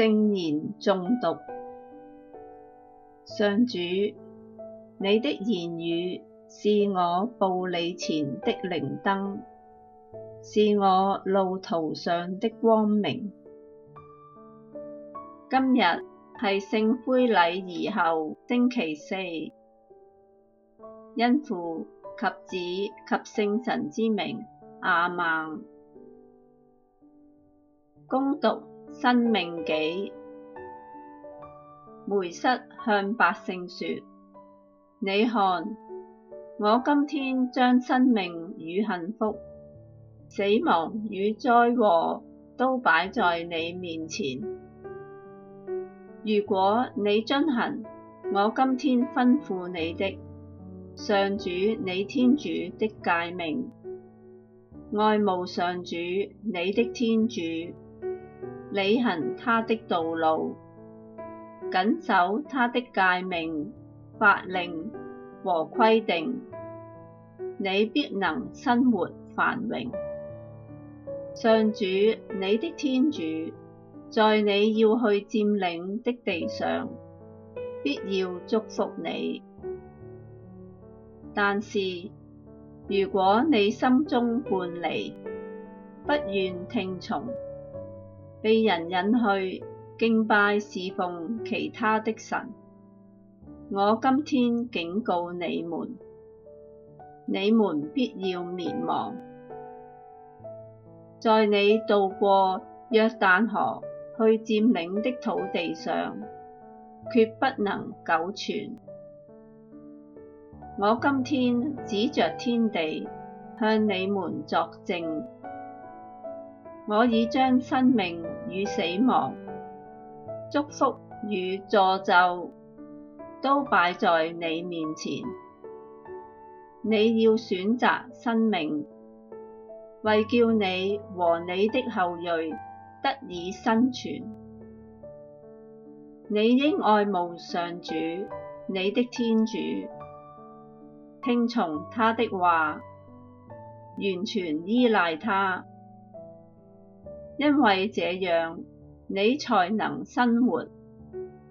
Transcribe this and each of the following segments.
聖言誦讀。上主，你的言語是我步履前的靈燈，是我路途上的光明。今日係聖灰禮儀後星期四，因父及子及聖神之名，阿們。恭讀。生命紀，梅瑟向百姓說：你看，我今天將生命與幸福、死亡與災禍都擺在你面前。如果你遵行我今天吩咐你的，上主你天主的誡命，愛慕上主你的天主。履行他的道路，謹守他的誡命、法令和規定，你必能生活繁榮。上主，你的天主，在你要去佔領的地上，必要祝福你。但是，如果你心中叛離，不願聽從，被人引去敬拜事奉其他的神，我今天警告你們，你們必要滅亡，在你渡過約但河去佔領的土地上，決不能久存。我今天指着天地向你們作證。我已將生命與死亡、祝福與詛咒都擺在你面前，你要選擇生命，為叫你和你的後裔得以生存。你應愛慕上主你的天主，聽從他的話，完全依賴他。因為這樣，你才能生活，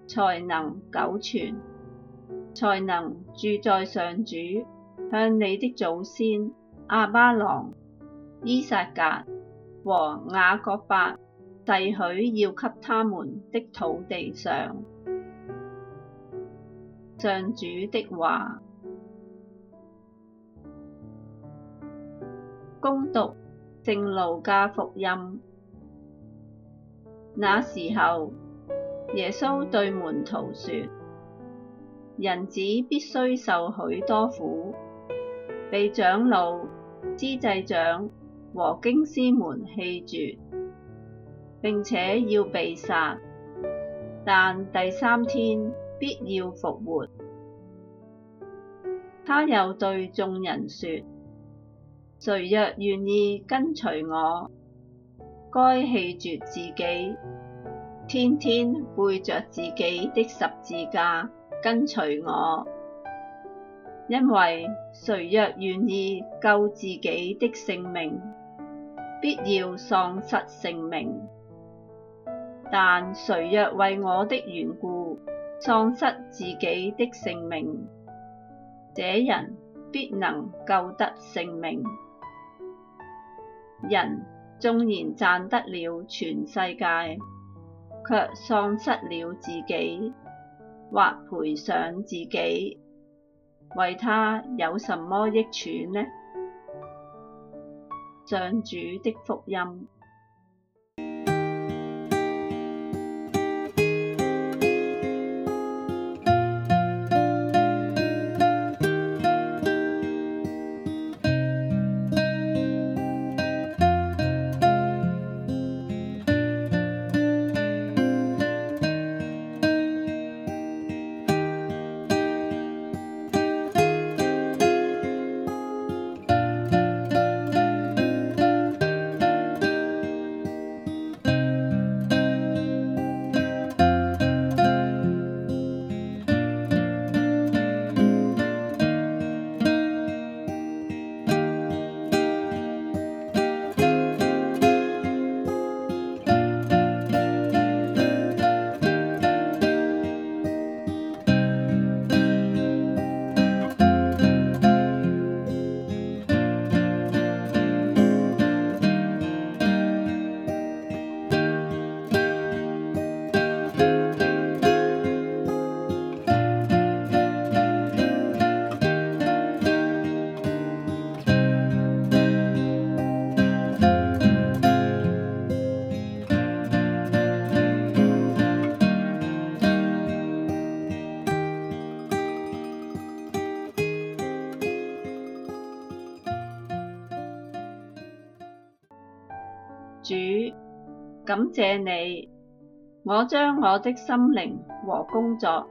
才能久存，才能住在上主向你的祖先亞巴郎、依撒格、格和雅各伯誓許要給他們的土地上。上主的話，恭讀聖路加福音。那時候，耶穌對門徒說：「人子必須受許多苦，被長老、司祭長和經師們棄絕，並且要被殺，但第三天必要復活。他又對眾人說：「誰若願意跟隨我，該棄絕自己，天天背著自己的十字架，跟隨我。因為誰若願意救自己的性命，必要喪失性命；但誰若為我的緣故喪失自己的性命，這人必能救得性命。人縱然賺得了全世界，卻喪失了自己，或賠上自己，為他有什麼益處呢？主的福音。主，感謝你，我將我的心靈和工作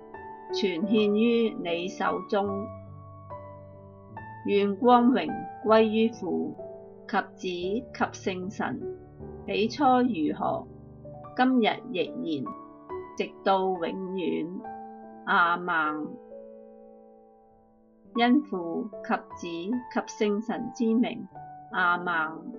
全獻於你手中。願光榮歸於父及子及聖神，起初如何，今日亦然，直到永遠。阿們，因父及子及聖神之名。阿們。